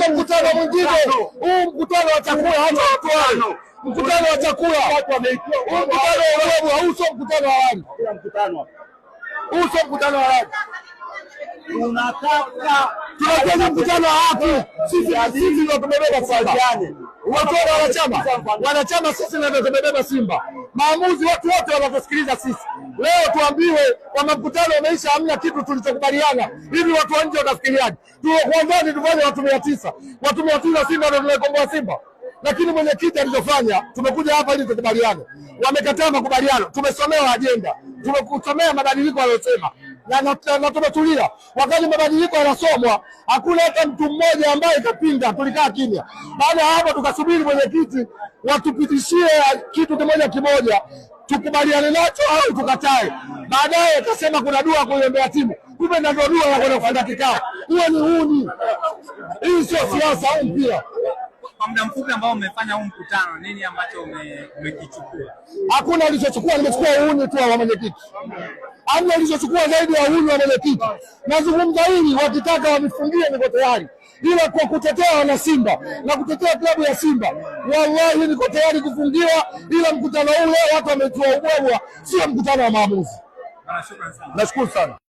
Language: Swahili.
Tulete mkutano mwingine. Huu mkutano wa chakula hata watu mkutano wa chakula, huu mkutano wa walabu hauso mkutano wa walabu, huu sio mkutano wa walabu. unataka tunafanya mkutano wa watu sisi sisi ndio tumebeba Simba, watoa wanachama wanachama, sisi ndio tumebeba Simba. Maamuzi watu wote wanatusikiliza sisi. Leo tuambiwe kwamba mkutano umeisha, hamna kitu tulichokubaliana. Hivi watu wa nje watafikiriaje? Tuanzani tufanye watu mia tisa, watu mia tisa, Simba ndio tunaikomboa Simba lakini mwenyekiti alichofanya, tumekuja hapa ili tukubaliane, wamekataa makubaliano. Tumesomewa ajenda, tumekusomea mabadiliko aliyosema na tumetulia. Wakati mabadiliko yanasomwa, hakuna hata mtu mmoja ambaye kapinga, tulikaa kimya. Baada ya hapo, tukasubiri mwenyekiti watupitishie kitu kimoja kimoja tukubaliane nacho au tukatae. Baadaye akasema kuna dua kuiombea timu, kumbe ndio dua ya kwenda kufanya kikao. Huo ni huni, hii sio siasa au mpira. Kwa muda mfupi ambao umefanya huu mkutano, nini ambacho umekichukua? Hakuna alichochukua, nimechukua huni tu wa mwenyekiti amri alizochukua zaidi ya uhuru wa mwenyekiti. Nazungumza hili wakitaka wamifungie, niko tayari, ila kwa kutetea wanasimba na kutetea klabu ya Simba. Wallahi niko tayari kufungiwa, ila mkutano ule watu wametua ubwabwa, sio mkutano wa maamuzi. Ah, Nashukuru sana.